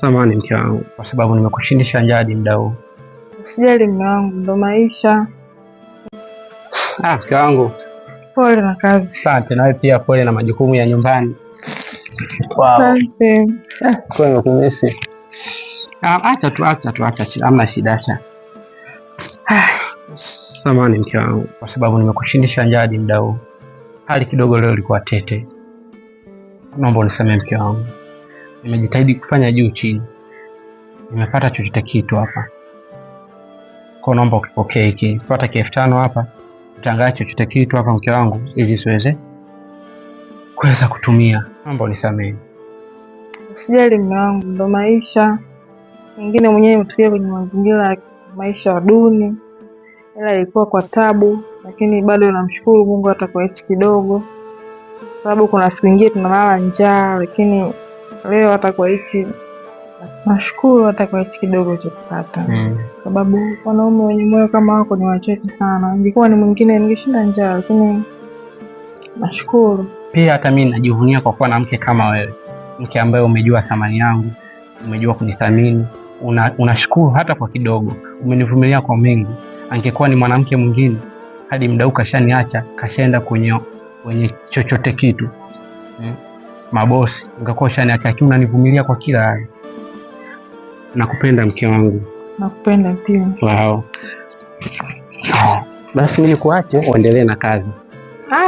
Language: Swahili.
samani mke wangu kwa sababu nimekushindisha njadi muda huu. Usijali mume wangu, ndo maisha. Ah, mke wangu pole na kazi. Asante, nawe pia pole na majukumu ya nyumbani. Asante. Ah, acha tu, acha tu, acha, hamna shida, acha. Samani mke wangu kwa sababu nimekushindisha njadi muda huu. Hali kidogo leo ilikuwa tete, naomba unisamehe mke wangu. Nimejitahidi kufanya juu chini, nimepata chochote kitu hapa kwa, naomba ukipokee hiki. Pata kielfu tano hapa, utangaa chochote kitu hapa mke wangu, ili siweze kuweza kutumia. Naomba unisamehe. Usijali mme wangu, ndo maisha. Mengine mwenyewe nimetukia kwenye mazingira ya maisha duni, ila ilikuwa kwa tabu, lakini bado namshukuru Mungu hata kwa hichi kidogo, sababu kuna siku nyingine tunalala njaa, lakini leo hata hichi nashukuru hata kwa hichi kidogo chokipata mm. Sababu wanaume wenye moyo kama wako ni wachache sana. Ingekuwa ni mwingine ningeshinda njaa, lakini nashukuru pia. Hata mimi najivunia kwa kuwa na mke kama wewe, mke ambaye umejua thamani yangu, umejua kunithamini, unashukuru una hata kwa kidogo, umenivumilia kwa mengi. Angekuwa ni mwanamke mwingine, hadi mdau kashaniacha, kashaenda kwenye kwenye chochote kitu mm mabosi, ungekuwa ushaniacha unanivumilia kwa kila hali. Nakupenda mke wangu. Nakupenda pia. Wow. Basi mimi nikuache uendelee na kazi. Ah.